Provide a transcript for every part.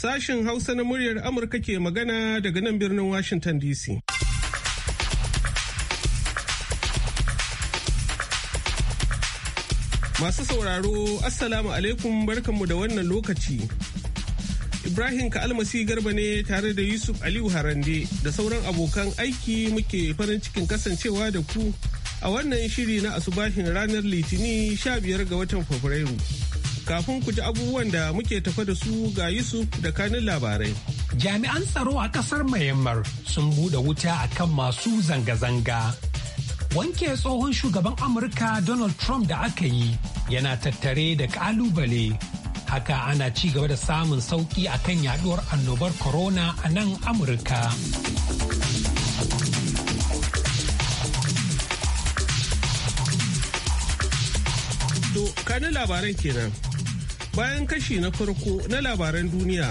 Sashen Hausa na muryar Amurka ke magana daga nan birnin Washington DC. Masu sauraro, Assalamu alaikum barkanmu da wannan lokaci. Ibrahim Ka'almasi Garba ne tare da Yusuf Aliyu Harande da sauran abokan aiki muke farin cikin kasancewa da ku a wannan shiri na asubahin ranar Litini 15 ga watan Fabrairu. Kafin ku ji abubuwan da muke tafa da su ga Yusuf da kanin labarai. Jami'an tsaro a kasar Myanmar sun buɗe wuta a kan masu zanga-zanga. Wanke tsohon shugaban Amurka Donald Trump da aka yi yana tattare da ƙalubale. Haka ana ci gaba da samun sauƙi a kan yaɗuwar annobar corona a nan Amurka. kanin labaran kenan. bayan kashi na farko na labaran duniya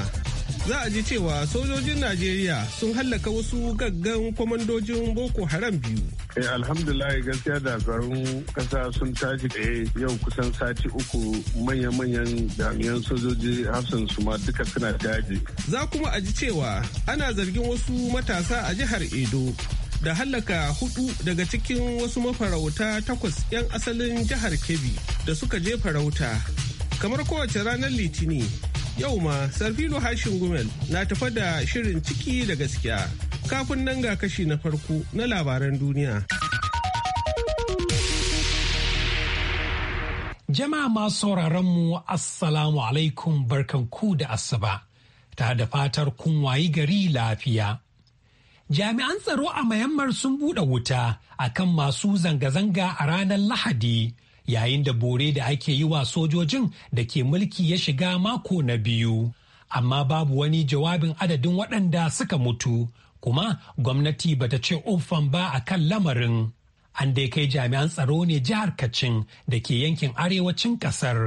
za a ji cewa sojojin najeriya sun hallaka wasu gaggan kwamandojin boko haram biyu eh alhamdulillah gaskiya da tsaron kasa sun tashi da yau kusan sati uku manya-manyan jami'an sojoji hafsan su ma duka suna daji za kuma a ji cewa ana zargin wasu matasa a jihar edo da hallaka hudu daga cikin wasu mafarauta takwas 'yan asalin jihar kebbi da suka je farauta kamar kowace ranar litini yau ma Sarfino hashin gumel na tafa da shirin ciki da gaskiya kafin nan ga kashi na farko na labaran duniya jama'a masu mu assalamu alaikum barkanku da asuba ta da fatar kun wayi gari lafiya jami'an tsaro a mayammar sun buɗe wuta akan masu zanga-zanga a ranar lahadi yayin da bore da ake yi wa sojojin da ke mulki ya shiga mako na biyu amma babu wani jawabin adadin waɗanda suka mutu kuma gwamnati bata ce umfan ba a kan lamarin an dai kai jami'an tsaro ne jihar kacin da ke yankin arewacin kasar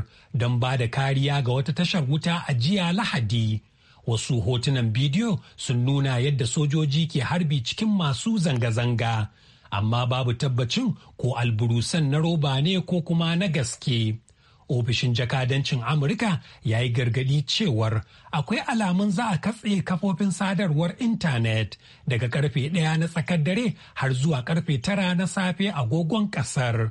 don ba da kariya ga wata tashar wuta a jiya lahadi wasu hotunan bidiyo sun nuna yadda sojoji ke harbi cikin masu zanga-zanga amma babu tabbacin ko alburusan na roba ne ko kuma na gaske. Ofishin jakadancin Amurka ya yi gargadi cewar akwai alamun za a katse kafofin sadarwar intanet daga karfe ɗaya na tsakar dare har zuwa karfe tara na safe agogon ƙasar.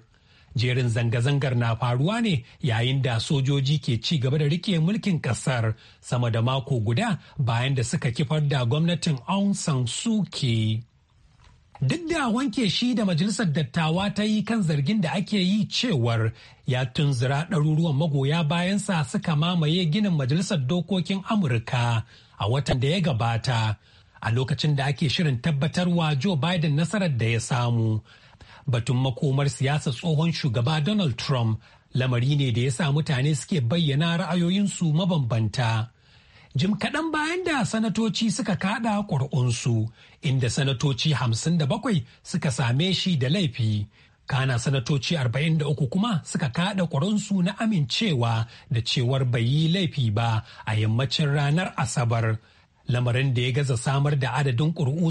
jerin zanga-zangar na faruwa ne yayin da sojoji ke ci gaba da rike mulkin ƙasar. sama da mako guda bayan da suka kifar da gwamnatin Aung San Suu Kyi. duk da wanke shi da majalisar dattawa ta yi kan zargin da ake yi cewar ya tunzura ɗaruruwan magoya bayansa suka mamaye ginin majalisar dokokin amurka a watan da ya gabata a lokacin da ake shirin tabbatarwa joe biden nasarar da ya samu batun makomar siyasa tsohon shugaba donald trump lamari ne da ya sa mutane suke bayyana ra'ayoyinsu mabambanta jim kaɗan bayan da sanatoci suka kaɗa ƙuri'unsu inda sanatoci hamsin 57 suka same shi da laifi kana sanatoci 43 kuma suka kaɗa ƙuri'unsu na amincewa da cewar bai yi laifi ba a yammacin ranar asabar lamarin da ya gaza samar da adadin ƙuri'u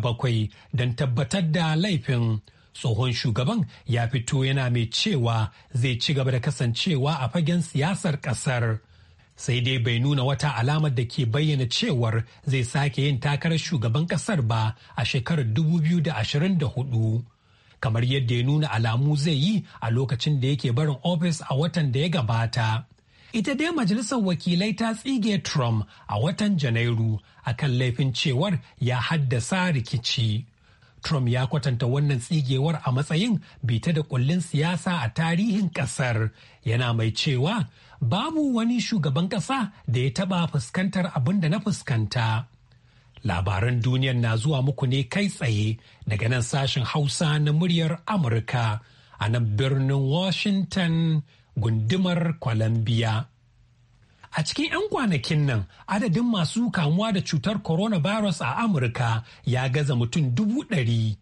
bakwai don tabbatar da laifin tsohon shugaban ya fito yana mai cewa zai ci gaba da kasancewa a fagen siyasar ƙasar. sai dai bai nuna wata alamar da ke bayyana cewar zai sake yin takarar shugaban kasar ba a shekarar 2024 kamar yadda ya nuna alamu zai yi a lokacin da yake barin ofis a watan da ya gabata ita dai majalisar wakilai ta tsige trump a watan janairu a kan laifin cewar ya haddasa rikici Trump ya kwatanta wannan tsigewar a matsayin bita da kullin siyasa a tarihin kasar yana mai cewa babu wani shugaban ƙasa da ya taɓa fuskantar abin da na fuskanta. Labaran duniyar na zuwa muku ne kai tsaye daga nan sashen Hausa na muryar Amurka a nan birnin Washington gundumar Columbia. A cikin 'yan kwanakin nan adadin masu kamuwa da cutar coronavirus a Amurka ya gaza mutum dubu ɗari.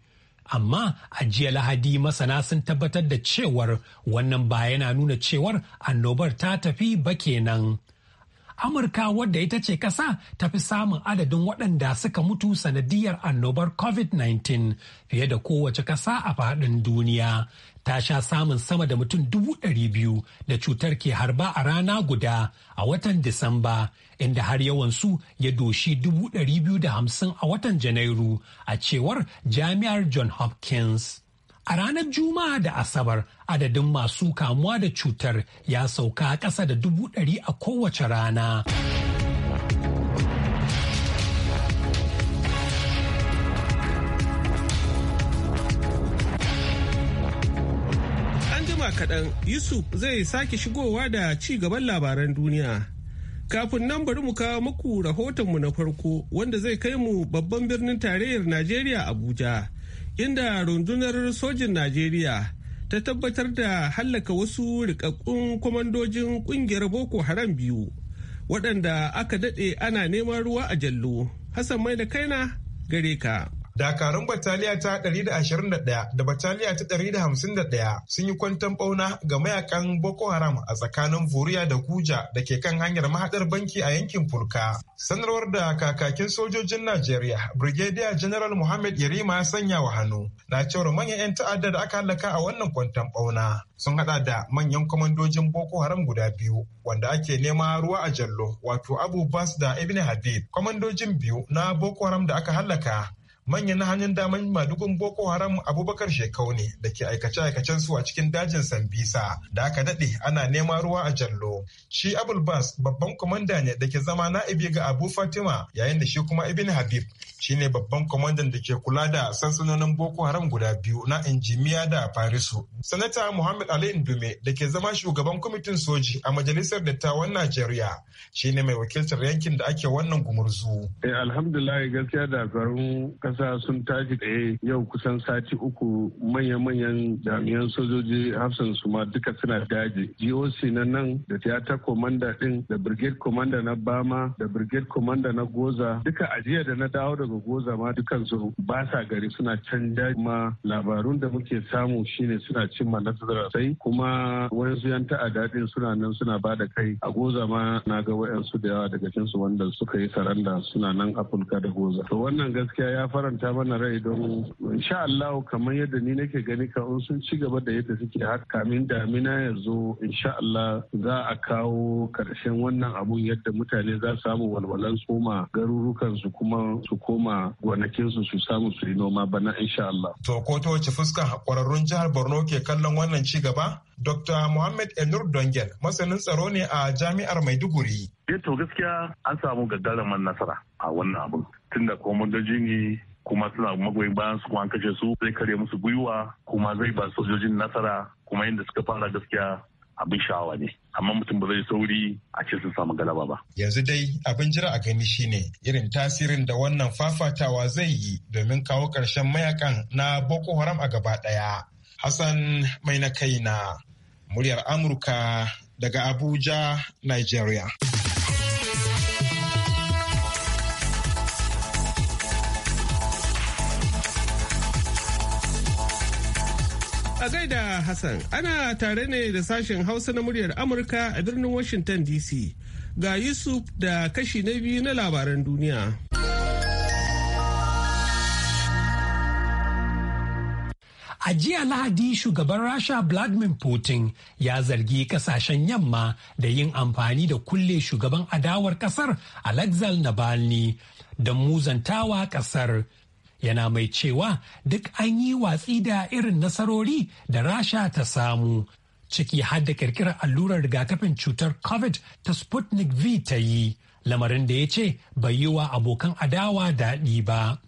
amma a jiya lahadi masana sun tabbatar da cewar wannan ba yana nuna cewar annobar ta tafi ba kenan. amurka wadda ita ce kasa ta fi samun adadin waɗanda suka mutu sanadiyar annobar covid-19 fiye da kowace kasa a faɗin duniya ta sha samun sama da mutum dubu ɗari biyu da cutar ke harba a rana guda a watan Disamba inda har yawansu ya doshi dubu ɗari biyu da hamsin a watan Janairu a cewar jami'ar John Hopkins. A ranar Juma'a da Asabar, adadin masu kamuwa da cutar ya sauka ƙasa da dubu ɗari a kowace rana. An jima kaɗan, Yusuf zai sake shigowa da ci gaban labaran duniya. Kafin nan bari mu kawo muku rahotonmu na farko wanda zai kai mu babban birnin tarayyar Najeriya Abuja inda rundunar sojin najeriya ta tabbatar da hallaka wasu rikakkun kwamandojin kungiyar boko haram biyu waɗanda aka daɗe ana neman ruwa a jallo hassan mai da kaina gare ka dakarun bataliya ta 121 da bataliya ta 151 sun yi kwantan bauna ga mayakan boko haram a tsakanin vuriya da kuja da ke kan hanyar mahadar banki a yankin fulka sanarwar da kakakin sojojin najeriya brigadier general Mohammed yarima ya sanya wa hannu na cewar manyan 'yan ta'adda da aka halaka a wannan kwantan bauna sun hada da manyan kwamandojin boko haram guda biyu wanda ake nema ruwa a jallo wato abu bas da ibn habib kwamandojin biyu na boko haram da aka halaka manyan hanyar daman madugun boko haram abubakar shekau ne da ke aikace-aikacen su a cikin dajin sambisa da aka daɗe ana nema ruwa a jallo shi abul babban kwamanda ne da ke zama na'ibi ga abu fatima yayin da shi kuma ibn habib shine babban kwamandan da ke kula da sansanonin boko haram guda biyu na injimiya da farisu sanata muhammad ali indume da ke zama shugaban kwamitin soji a majalisar dattawan najeriya shine mai wakiltar yankin da ake wannan gumurzu eh, alhamdulillah gaskiya da ƙasa sun tashi tsaye yau kusan sati uku manya-manyan jami'an sojoji hafsan su ma duka suna daji GOC na nan da tiyata komanda din da brigade komanda na Bama da brigade komanda na Goza duka ajiya da na dawo daga Goza ma dukan su ba sa gari suna can daji kuma labarun da muke samu shine suna cimma nasara sai kuma wayansu yan ta'adda din suna nan suna ba da kai a Goza ma na ga wayansu da yawa daga cikin su wanda suka yi saranda suna nan a fulka da Goza to wannan gaskiya ya fara faranta mana rai don insha Allah kamar yadda ni nake gani ka sun ci gaba da yadda suke har kamin damina ya zo insha Allah za a kawo karshen wannan abun yadda mutane za su samu walwalan tsoma garurukan su kuma su koma gonakin su su samu su yi noma bana insha Allah. To ko to wace fuska kwararrun jihar Borno ke kallon wannan ci gaba? Dr. Mohammed Enur Dongen masanin tsaro ne a jami'ar Maiduguri. Eh to gaskiya an samu gagarumin nasara a wannan abun. Tunda komandoji ne kuma suna magoyin bayan su kuma an kashe su zai kare musu gwiwa kuma zai ba sojojin nasara kuma yadda suka fara gaskiya abin sha'awa ne amma mutum ba zai sauri a ce sun samu galaba ba. Yanzu dai abin jira a gani shine irin tasirin da wannan fafatawa zai yi domin kawo ƙarshen mayakan na Boko Haram a gaba ɗaya. Hassan mai na kai na muryar Amurka daga Abuja, Nigeria. A gaida Hassan, ana tare ne da sashen Hausa na muryar Amurka a birnin Washington DC. Ga Yusuf da kashi na biyu na labaran duniya. A jiya Lahadi shugaban Rasha Vladimir Putin ya zargi kasashen yamma da yin amfani da kulle shugaban adawar kasar alexander Navalny da muzantawa kasar yana mai cewa duk an yi watsi da irin nasarori da rasha ta samu ciki har da kirkirar allurar rigakafin cutar covid ta sputnik v ta yi lamarin da ya ce bai yi wa abokan adawa daɗi ba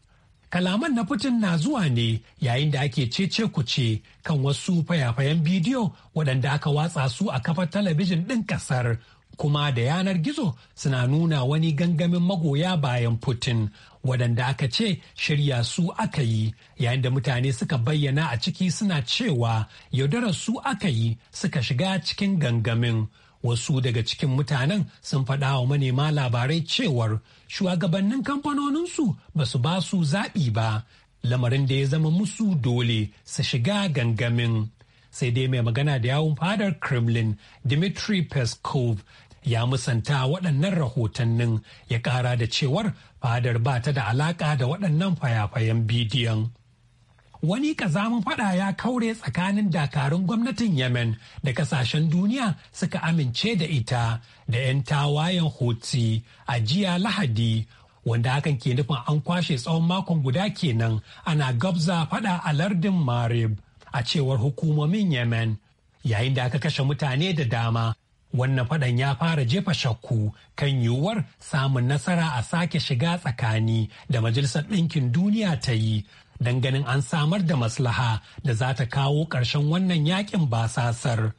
kalaman na putin na zuwa ne yayin da ake cece ce. kan wasu fayafayen bidiyo waɗanda aka watsa su a kafar talabijin ɗin ƙasar kuma da yanar gizo suna nuna wani gangamin magoya bayan Putin waɗanda aka ce shirya su aka yi yayin da mutane suka bayyana a ciki suna cewa yaudarar su aka yi suka shiga cikin gangamin. Wasu daga cikin mutanen sun faɗa wa manema labarai cewar shugabannin kamfanoninsu ba su ba su zaɓi ba, lamarin da ya zama musu dole su shiga gangamin. sai dai mai magana da yawun fadar kremlin Dimitri peskov ya musanta waɗannan rahotannin ya ƙara da cewar fadar ba ta da alaƙa da waɗannan fayafayen bidiyon. Wani ƙazamin faɗa ya kaure tsakanin dakarun gwamnatin Yemen da ƙasashen duniya suka amince da ita da 'yan tawayen Houthi a jiya Lahadi wanda hakan ke nufin an kwashe tsawon makon guda kenan ana gabza faɗa a lardin marib a cewar hukumomin yemen yayin da aka kashe mutane da dama wannan faɗan ya fara jefa shakku kan yiwuwar samun nasara a sake shiga tsakani da majalisar ɗinkin duniya ta yi don ganin an samar da maslaha da za ta kawo ƙarshen wannan yakin basasar.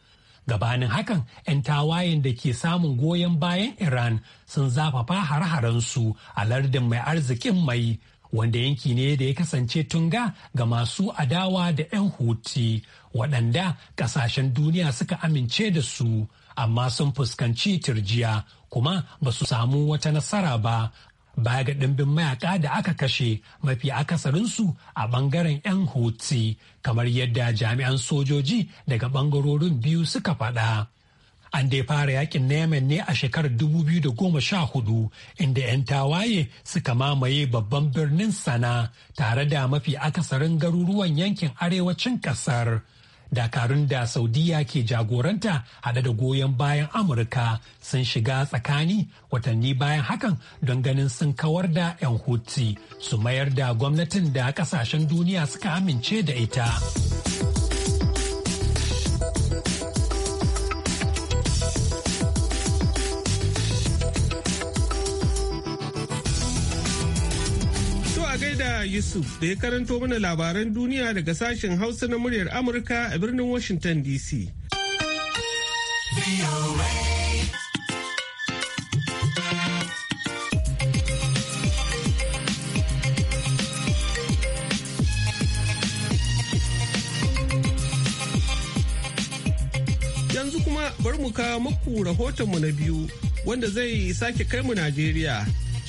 gabanin hakan 'yan tawayen da ke samun goyon bayan iran sun zafafa har-haransu a lardin mai arzikin mai wanda yanki ne da ya kasance tunga ga masu adawa da 'yan huti waɗanda ƙasashen duniya suka amince da su amma sun fuskanci turjiya kuma ba su samu wata nasara ba baya ga ɗimbin mayaka da aka kashe mafi akasarinsu a ɓangaren 'yan hutsi kamar yadda jami'an sojoji daga ɓangarorin biyu suka faɗa. An dai fara yakin na yamen ne a shekarar dubu biyu da goma sha hudu. inda 'yan tawaye suka mamaye babban birnin Sana tare da mafi akasarin garuruwan yankin arewacin ƙasar. dakarun da saudiya ke jagoranta haɗe da goyon bayan amurka sun shiga tsakani watanni bayan hakan don ganin sun kawar da 'yan hutu su mayar da gwamnatin da kasashen duniya suka amince da ita. Yusuf da ya karanto mana labaran duniya daga sashen Hausa na muryar Amurka a birnin Washington DC. Yanzu kuma bar mu kawo muku rahotonmu na biyu wanda zai sake kai mu Najeriya.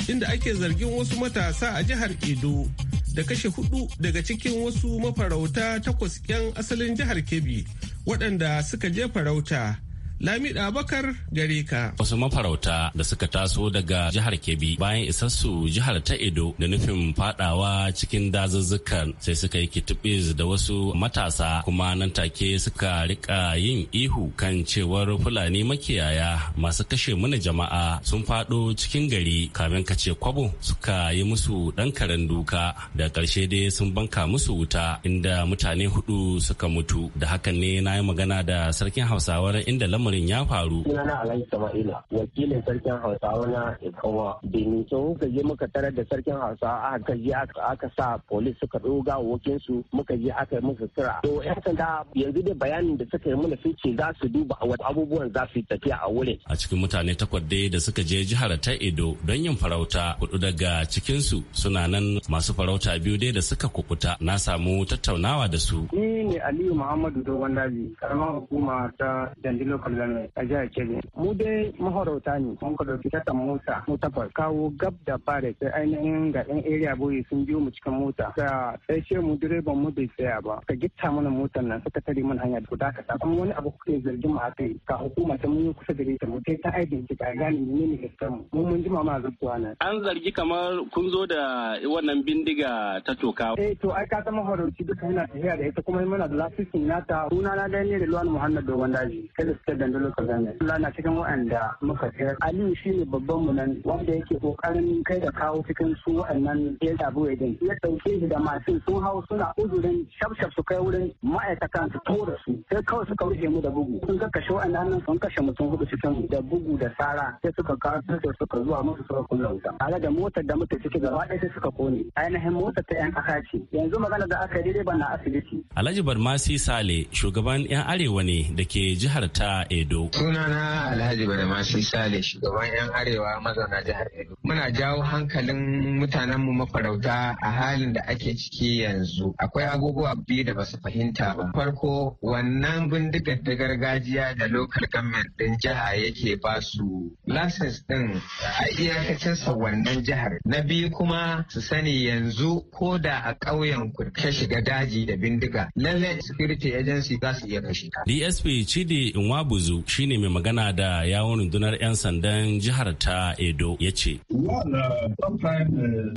inda ake zargin wasu matasa a jihar Edo da kashe hudu daga cikin wasu mafarauta takwas 'yan asalin jihar Kebbi waɗanda suka je farauta Lamida Bakar gare ka. Wasu mafarauta da suka taso daga jihar Kebbi bayan isassu jihar ta Edo da nufin fadawa cikin dazuzzukan sai suka yi kitibiz da wasu matasa kuma nan take suka rika yin ihu kan cewar Fulani makiyaya masu kashe mana jama'a sun fado cikin gari kamin kace kwabo suka yi musu dan karen duka da karshe dai sun banka musu wuta inda mutane hudu suka mutu da hakan ne na yi magana da sarkin hausawar inda lamarin lamarin ya faru. Sunana Alhaji Sama'ila, wakilin sarkin Hausawa na Ikowa, Benin. So muka je muka tarar da sarkin Hausawa aka je aka sa polis suka ɗoga wokin su muka je aka yi musu kira. To ƴan sanda yanzu da bayanin da suka yi mana sun ce za su duba abubuwan za su yi tafiya a wurin. A cikin mutane takwas dai da suka je jihar ta Edo don yin farauta hudu daga cikinsu suna nan masu farauta biyu dai da suka kukuta na samu tattaunawa da su. Ni ne Aliyu Muhammadu Dogon Daji, karamar hukuma ta Dandi Local Gangare a jihar Kebbi. Mu dai mahorauta ne mun ka dauki tatan mota mu tabbar kawo gab da fara sai ainihin ga ɗan area boye sun biyo mu cikin mota. Ga sai ce mu direban mu bai tsaya ba ka gitta mana motar nan suka tare mana hanya da ka kuma wani abu kuke zargin mu akai ka hukuma ta mun yi kusa da ta mu kai ta aibin ta gane ne gaskiyar mu mun mun jima ma zuwa nan. An zargi kamar kun zo da wannan bindiga ta toka. Eh to ai ka san mahorauci duka yana tafiya da ita kuma muna da lasisin nata sunana na ne da Luwan Muhammad Dogon Daji. Kada suka dandalo kazame Allah na cikin waɗanda muka tsira Aliyu shi ne babban mu nan wanda yake kokarin kai da kawo cikin su waɗannan ya zabu ya din ya dauke shi da masu sun hau suna uzurin shafshaf su kai wurin ma'aikatan su tora su sai kawai suka rufe mu da bugu sun ga kashe waɗannan nan sun kashe mutum hudu cikin da bugu da sara sai suka kawo sai suka zuwa musu suka kunna wuta tare da motar da muke ciki gaba ɗaya sai suka kone ainihin motar ta 'yan ƙasa ce yanzu magana da aka yi direban na asibiti Alhaji Barmasi Sale shugaban 'yan arewa ne da ke jihar ta Edo. Sunana Alhaji Badamasi Sale shugaban 'yan Arewa mazauna jihar Edo. Muna jawo hankalin mutanenmu mafarauta a halin da ake ciki yanzu. Akwai abubuwa biyu da basu fahimta ba. Farko wannan bindigar da gargajiya da lokal government din jiha yake ba su license din a iyakacinsa wannan jihar. Na biyu kuma su sani yanzu ko da a ƙauyen ku ka shiga daji da bindiga. Lallai security agency za su iya kashe ka. DSP Chidi Nwabu Buzu shine mai magana da yawon rundunar 'yan sandan jihar ta Edo ya ce.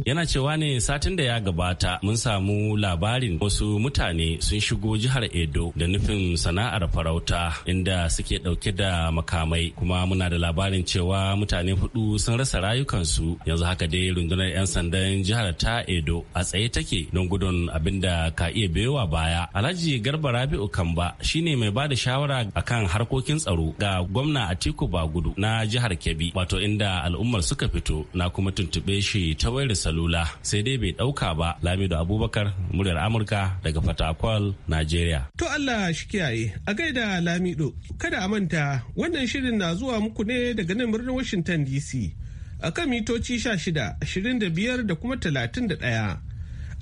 Yana cewa ne satin da ya gabata mun samu labarin wasu mutane sun shigo jihar Edo da nufin sana'ar farauta inda suke ɗauke da makamai kuma muna da labarin cewa mutane hudu sun rasa rayukansu yanzu haka dai rundunar 'yan sandan jihar ta Edo a tsaye take don gudun abin da ka iya biyowa baya. Alhaji Garba Rabi'u Kamba shine mai ba da shawara akan harkokin cikin tsaro ga gwamna Atiku Bagudu na jihar Kebbi wato inda al'ummar suka fito na kuma tuntube shi ta wayar salula sai dai bai dauka ba Lamido Abubakar muryar Amurka daga Fatakwal Najeriya. To Allah shi kiyaye a gaida Lamido kada a manta wannan shirin na zuwa muku ne daga nan birnin Washington DC a kan mitoci 16, 25 da kuma 31.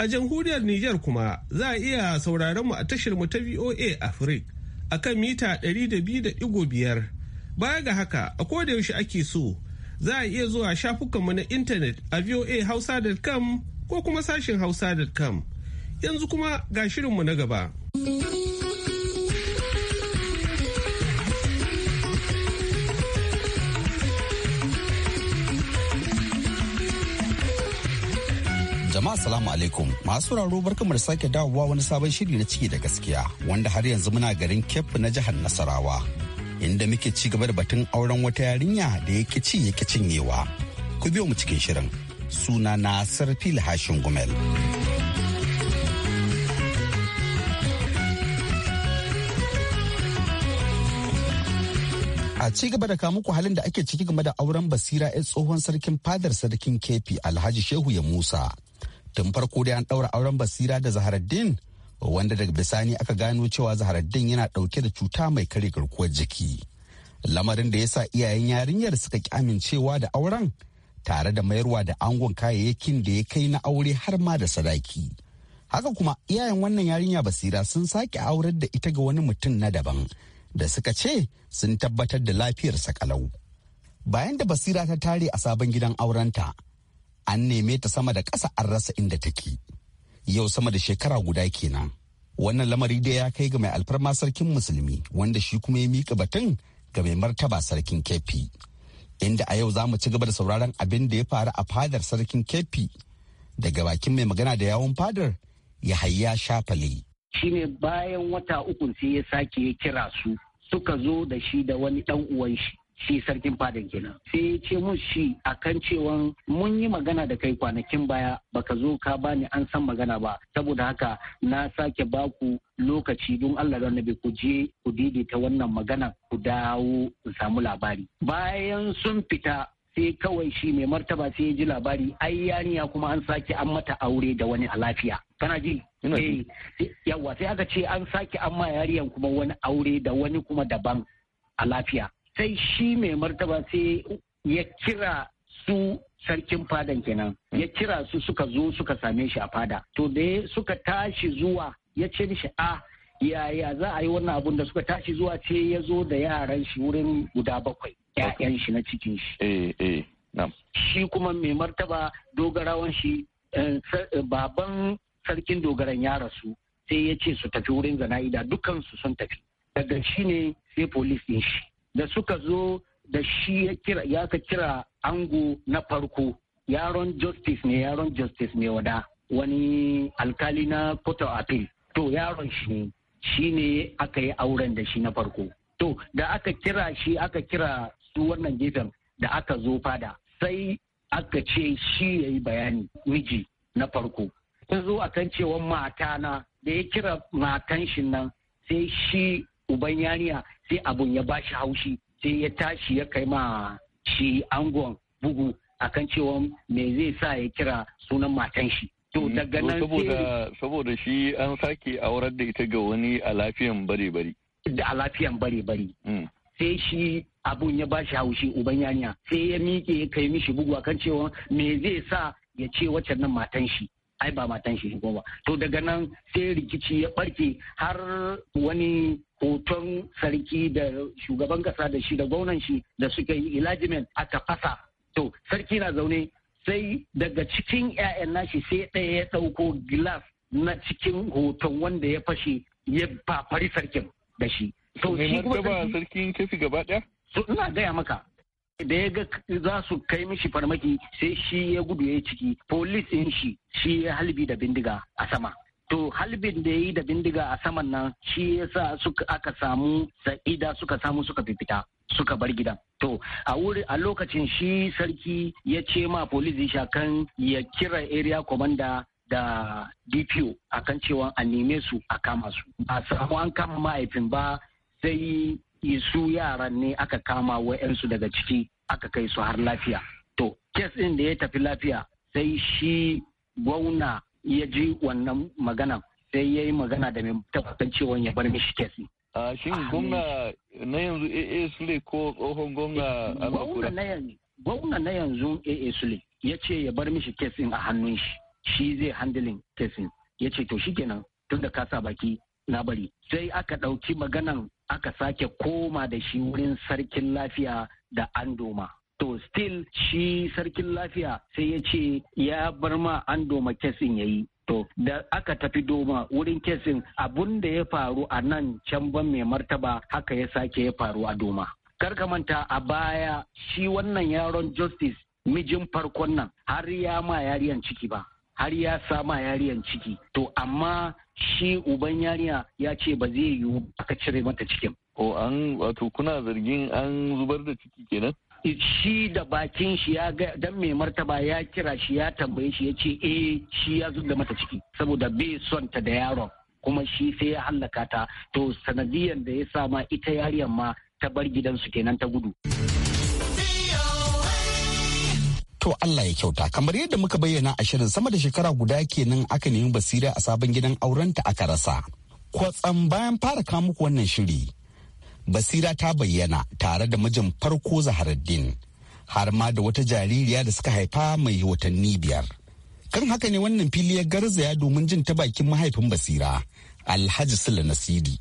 A jamhuriyar Nijar kuma za a iya sauraron mu a tashar mu ta VOA Africa a kan mita 200.5 baya ga haka a yaushe ake so za a iya zuwa shafukanmu na intanet a voahausa.com ko kuma sashin hausa.com yanzu kuma ga shirinmu na gaba. Jama'a salamu alaikum masu sauraro barkamu da sake dawowa wani sabon shiri na ciki da gaskiya wanda har yanzu muna garin Cape na jihar Nasarawa inda muke ci gaba da batun auren wata yarinya da yake ci yake cinyewa. Ku biyo mu cikin shirin suna na Sarfil Hashin Gumel. a ci gaba da muku halin da ake ciki game da auren basira 'yan tsohon sarkin fadar sarkin kefi alhaji shehu ya musa tun farko dai an ɗaura auren basira da zaharaddin wanda daga bisani aka gano cewa zaharaddin yana ɗauke da cuta mai kare garkuwar jiki lamarin da ya sa iyayen yarinyar suka ki amincewa da auren tare da mayarwa da angon kayayyakin da ya kai na aure har ma da sadaki haka kuma iyayen wannan yarinya basira sun sake aurar da ita ga wani mutum na daban da suka ce sun tabbatar da lafiyarsa kalau bayan da basira ta tare a sabon gidan aurenta an neme ta sama da ƙasa an rasa inda take yau sama da shekara guda kenan wannan lamari da ya kai ga mai alfarma sarkin musulmi wanda shi kuma ya mika batun ga mai martaba sarkin kefi inda a yau za mu ci gaba da sauraron abin da ya faru a fadar sarkin kefi daga bakin mai magana da yawon fadar ya hayya shafale shine bayan wata ukun sai ya sake ya kira su suka zo da shi da wani dan uwan shi shi sarkin fadan kenan sai ya ce mun shi akan cewa mun yi magana da kai kwanakin baya baka zo ka bani an san magana ba saboda haka na sake baku lokaci don Allah da annabi ku je ku daidaita wannan magana ku dawo ku samu labari bayan sun fita sai kawai shi mai martaba sai ya ji labari ai yaniya kuma an sake an mata aure da wani a lafiya kana ji eh, yawa sai aka ce an sake an ma yariyan kuma wani aure da wani kuma daban a lafiya sai shi mai martaba sai ya kira su sarkin fadan kenan ya kira su suka zo suka same shi a fada to da suka tashi zuwa ya ce mishi a yaya za a yi wannan abun da suka tashi zuwa ce ya zo da yaran shi wurin guda bakwai ƴaƴan shi na cikin shi eh, eh, shi kuma mai martaba dogarawan shi eh, baban sarkin dogaran ya rasu sai ya ce su tafi wurin zana'ida dukansu sun tafi daga shi ne sai polis din shi da suka zo da shi ya ka kira ango na farko yaron justice ne yaron justice ne wada wani alkali na court of appeal to yaron shi ne shi ne aka yi auren da shi na farko to da aka kira shi aka kira su wannan gefen da aka zo fada sai aka ce shi ya yi bayani miji na farko ta zo a kan cewa mata na da ya kira matan shi nan sai shi uban yariya sai abun ya bashi haushi sai ya tashi ya kai ma shi angon bugu akan cewa me zai sa ya kira sunan matan shi. To hmm. saboda shi an sake aurar da ita ga wani a lafiyan bare bare. Da a lafiyan bare bare. Hmm. Sai shi abun ya bashi haushi uban yanya sai ya miƙe ya kai mishi bugu akan cewa me zai sa ya ce wacce nan matan shi ai ba matan shi shigo ba to daga nan sai rikici ya barke har wani hoton sarki da shugaban kasa da shi da gwamnan shi da suka yi ilajimen a fasa to sarki na zaune sai daga cikin 'ya'yan nashi sai ɗaya ya ɗauko gilas na cikin hoton wanda ya fashe ya fafari sarkin da shi. So, shi kuma sarkin kefi gaba ɗaya? So, ina gaya maka da ya ga za su kai mishi farmaki sai shi ya gudu ya ciki polis ɗin shi shi ya halbi da bindiga a sama to halbin da ya yi da bindiga a saman nan shi ya sa aka samu sa'ida suka samu suka fifita suka bar gidan to a wuri a lokacin shi sarki ya ce ma polis shakan ya kira area commander da dpo akan cewa a neme su a kama su a samu an kama ma'aifin ba sai su yaran ne aka kama wa'yansu daga ciki aka kai su har lafiya to kes ɗin da ya tafi lafiya sai shi gwauna ya ji wannan magana sai ya yi magana da mai tabbatar cewa ya bar mishi ɗin. a shin gwamna na yanzu aa sule ko tsohon gwamna eh, almakura gwamna na yanzu aa sule ya ce ya bar mishi ɗin a hannun shi shi zai handling ɗin ya ce to shi kenan tun da kasa baki na bari sai aka ɗauki maganan aka sake koma da shi wurin sarkin lafiya da andoma to still shi sarkin lafiya sai ya ce ya bar ma andoma kesin ya yi to da aka tafi doma wurin kesin abun da ya faru a nan can ban mai martaba haka ya sake ya faru a doma karka manta a baya shi wannan yaron justice mijin farkon nan har ya ma yariyan ciki ba har ya sama yariyan ciki to amma shi uban yariya ya ce ba zai yiwu aka cire mata cikin ko an wato kuna zargin an zubar da ciki kenan shi da bakin shi ya ga dan mai martaba ya kira shi ya tambaye shi ya ce eh shi ya da mata ciki saboda bai son ta da yaron kuma shi sai ya hallaka ta to sanadiyan da ya sa ma ita yariyan ma ta bar gidansu kenan ta gudu. To Allah ya kyauta kamar yadda muka bayyana a shirin sama da shekara guda kenan aka nemi basira a sabon gidan aurenta aka rasa. Kwatsam bayan fara kawo muku wannan shiri. Basira ta bayyana tare da mijin farko Zaharaddin har ma da wata jaririya da suka haifa mai watanni biyar. Kan haka ne wannan fili ya garzaya domin jin ta bakin mahaifin Basira Alhaji Sula nasiri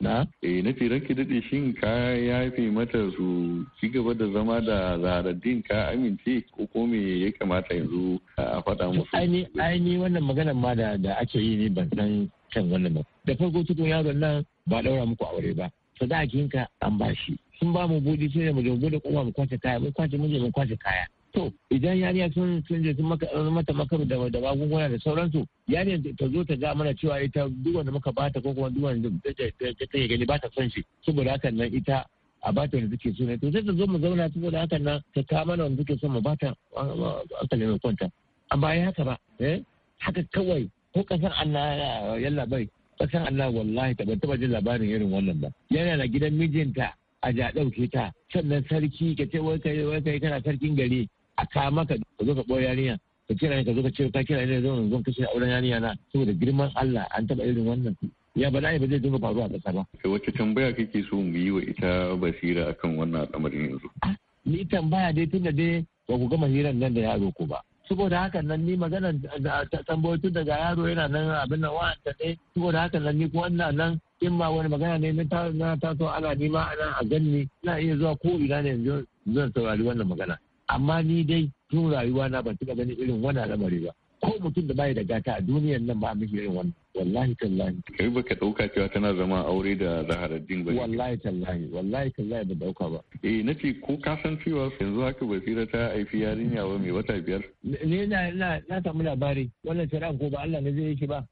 na eh na ranki dade shin ka yafe mata su ci gaba da zama da zaharaddin ka amince ko ko me ya kamata yanzu a faɗa musu ai ni wannan magana ma da ake yi ne ban san kan wannan ba da farko tukun yaron nan ba daura muku aure ba da ka an bashi sun ba mu budi sai da mu dogo da kowa mu kwace kaya mu kwace mu je mu kwace kaya to idan yariya sun sun je mata makar da da magunguna da sauransu yariya ta zo ta ga mana cewa ita duk wanda muka bata ko kuma duk wanda ta gani ba ta son shi saboda hakan nan ita a bata wanda take so ne to sai ta zo mu zauna saboda hakan nan ta ta mana wanda take son mu bata hankali mai kwanta amma ya haka ba eh haka kawai ko kasan Allah yalla bai kasan Allah wallahi ta ban taba jin labarin irin wannan ba yana da gidan mijinta a ja ɗauke ta sannan sarki ka ce wai kai wai kai kana sarkin gari a ka maka ka zo ka ɓoye yarinya ka kira ka zo ka ce ka kira ne zo zo kashe auren yarinya na saboda girman Allah an taɓa irin wannan ya ba ba zai dinga faruwa a ƙasa ba. Eh, wacce tambaya kake so mu yi wa ita basira akan wannan al'amarin yanzu? Ah, ni tambaya dai tunda dai ba ku gama hirar nan da yaro ko ba. Saboda hakan nan ni magana da tambayoyi tun daga yaro yana nan abin nan wa'anta ne saboda hakan nan ni ko wannan nan in ma wani magana ne na taso ana nima ana a ganni na iya zuwa ko ina ne yanzu zan saurari wannan magana. amma ni dai tun rayuwa na ban taɓa ganin irin wannan lamari ba ko mutum da bai da gata a duniyar nan ba miki irin wannan wallahi tallahi kai baka dauka cewa tana zama aure da zaharaddin ba wallahi tallahi wallahi tallahi ba dauka ba eh nace ko ka san cewa yanzu haka basira ta haifi yarinya wa mai wata biyar ne na na na samu labari wannan sharan ko ba Allah ne zai yi shi ba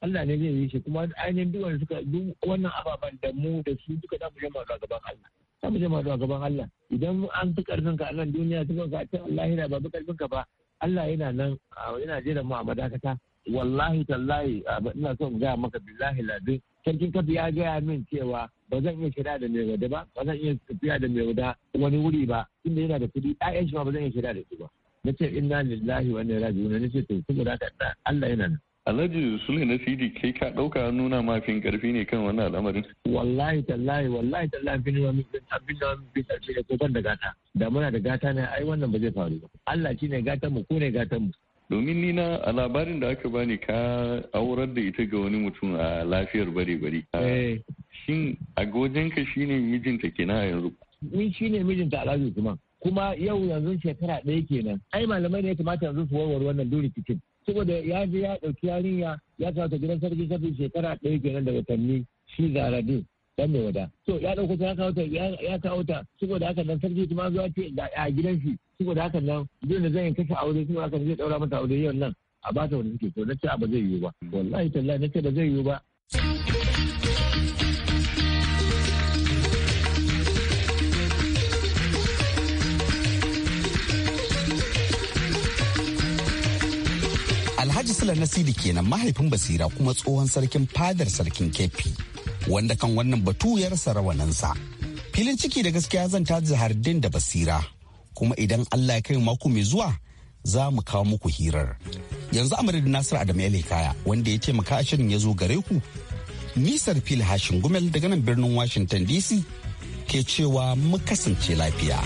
Allah ne zai yi shi kuma ainihin duk suka duk wannan ababen da mu da su duka da mu jama'a gaban Allah sabu mu da gaban Allah idan an fi karfin ka a nan duniya su ka ce Allah ba fi karfin ka ba Allah yana nan yana jera mu a madakata wallahi tallahi ina son gaya maka billahi ladin sarkin kafi ya gaya min cewa ba zan iya shira da mai wada ba ba zan iya tafiya da mai wada wani wuri ba inda yana da kuɗi ƴaƴan shi ba zan iya shira da su ba na ce inna lillahi wa inna ilaihi raji'un na ce to saboda haka Allah yana nan Alhaji Sule na Sidi kai ka ɗauka nuna mafin ƙarfi ne kan wannan al'amarin. Wallahi tallahi wallahi tallahi fi nuna min abin da min bin ce ko ban da gata. Da muna da gata ne ai wannan ba zai faru ba. Allah shine gata mu ko ne gata mu. Domin ni na a labarin da aka bani ka aurar da ita ga wani mutum a lafiyar bare bare. Eh. Shin a gojenka shine mijinta kenan a yanzu. Ni shine mijinta Alhaji kuma. Kuma yau yanzu shekara ɗaya kenan. Ai malamai ne ya kamata yanzu su warware wannan dole cikin. saboda ya je ya ɗauki yarinya ya kawo gidan sarki kafin shekara ɗaya kenan da watanni shi zarade dan mai wada so ya ɗauko ta ya kawo ya kawo ta saboda haka nan sarki kuma zuwa ce a gidan shi saboda haka nan dole zan yi kashe aure kuma haka zai ɗaura mata aure yau nan a bata wani suke to na ce ba zai yiwu ba wallahi tallahi na ce ba zai yiwu ba. Alhaji Sula Nasidi kenan mahaifin Basira kuma tsohon sarkin fadar sarkin Kefi wanda kan wannan batu ya rasa rawaninsa. Filin ciki da gaskiya zan ta jihardin da Basira kuma idan Allah ya kai mako mai zuwa za mu kawo muku hirar. Yanzu Amadu nasiru Adamu ya kaya wanda ya taimaka shirin ya zo gare ku. Nisar fil hashin gumel daga nan birnin Washington DC ke cewa mu kasance lafiya.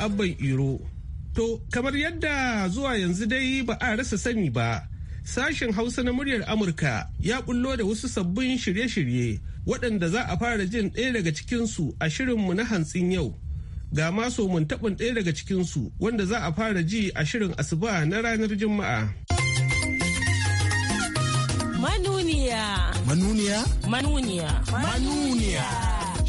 abban iro to kamar yadda zuwa yanzu dai ba a rasa sani ba sashen hausa na muryar amurka ya bullo da wasu sabbin shirye-shirye waɗanda za a fara jin ɗaya daga cikinsu a shirinmu na hantsin yau ga maso mun taɓin ɗaya daga cikinsu wanda za a fara ji a shirin asuba na ranar juma'a manuniya manuniya manuniya manuniya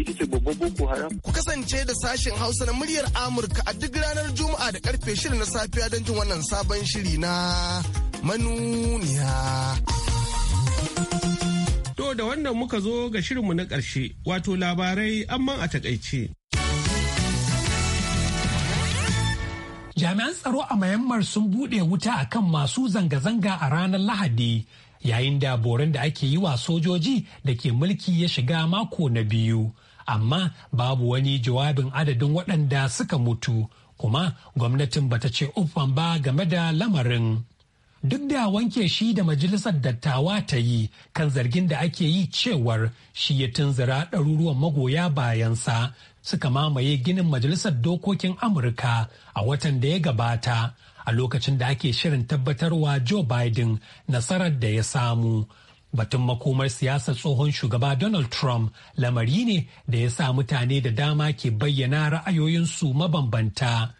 ita ce babban boko haram. Ku kasance da sashen Hausa na muryar Amurka a duk ranar Juma'a da karfe shirin na safiya don jin wannan sabon shiri na manuniya. To da wannan muka zo ga shirinmu na ƙarshe wato labarai amma a takaice. Jami'an tsaro a Mayammar sun buɗe wuta a kan masu zanga-zanga a ranar Lahadi yayin da borin da ake yi wa sojoji da ke mulki ya shiga mako na biyu amma babu wani jawabin adadin waɗanda suka mutu kuma gwamnatin bata ce uffan ba game da lamarin. Duk da wanke shi da majalisar dattawa ta yi kan zargin da ake yi cewar shi ya tunzura ɗaruruwan magoya bayansa suka mamaye ginin majalisar dokokin Amurka a watan da ya gabata a lokacin da ake shirin tabbatarwa Joe Biden nasarar da ya samu. Batun makomar siyasar tsohon shugaba Donald Trump lamari ne da ya sa mutane da dama ke bayyana ra'ayoyinsu mabambanta.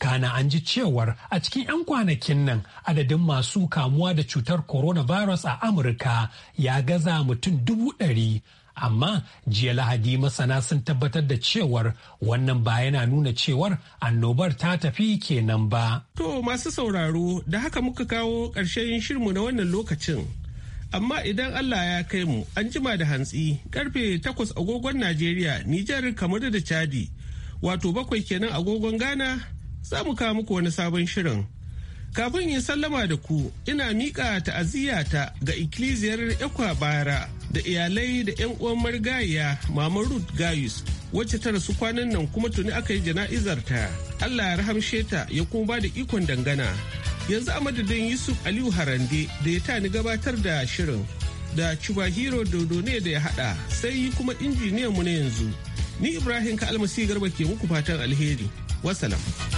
Kana an ji cewar a cikin 'yan kwanakin nan adadin masu kamuwa da cutar coronavirus a Amurka ya gaza mutum dubu ɗari. Amma jiya Lahadi masana sun tabbatar da cewar wannan ba yana nuna cewar annobar ta tafi kenan ba. To masu sauraro da haka muka kawo ƙarshen shirmu na wannan lokacin. amma idan Allah ya kai mu an jima da hantsi karfe takwas agogon Najeriya Nijar kamar da Chadi wato bakwai kenan agogon Ghana za mu kawo muku wani sabon shirin kafin yin sallama da ku ina miƙa ta ga ikkiliziyar Ekwa Bara da iyalai da 'yan uwan marigayya Mama Ruth Gayus wacce ta rasu kwanan nan kuma tuni aka yi jana'izar ta Allah ya rahamshe ta ya kuma ba da ikon dangana yanzu a madadin yusuf aliyu harande da ya tani gabatar da shirin da cuba dodo ne da ya hada sai yi kuma injiniyan mu na yanzu ni ibrahim ka almasi garba ke muku fatan alheri wasalam.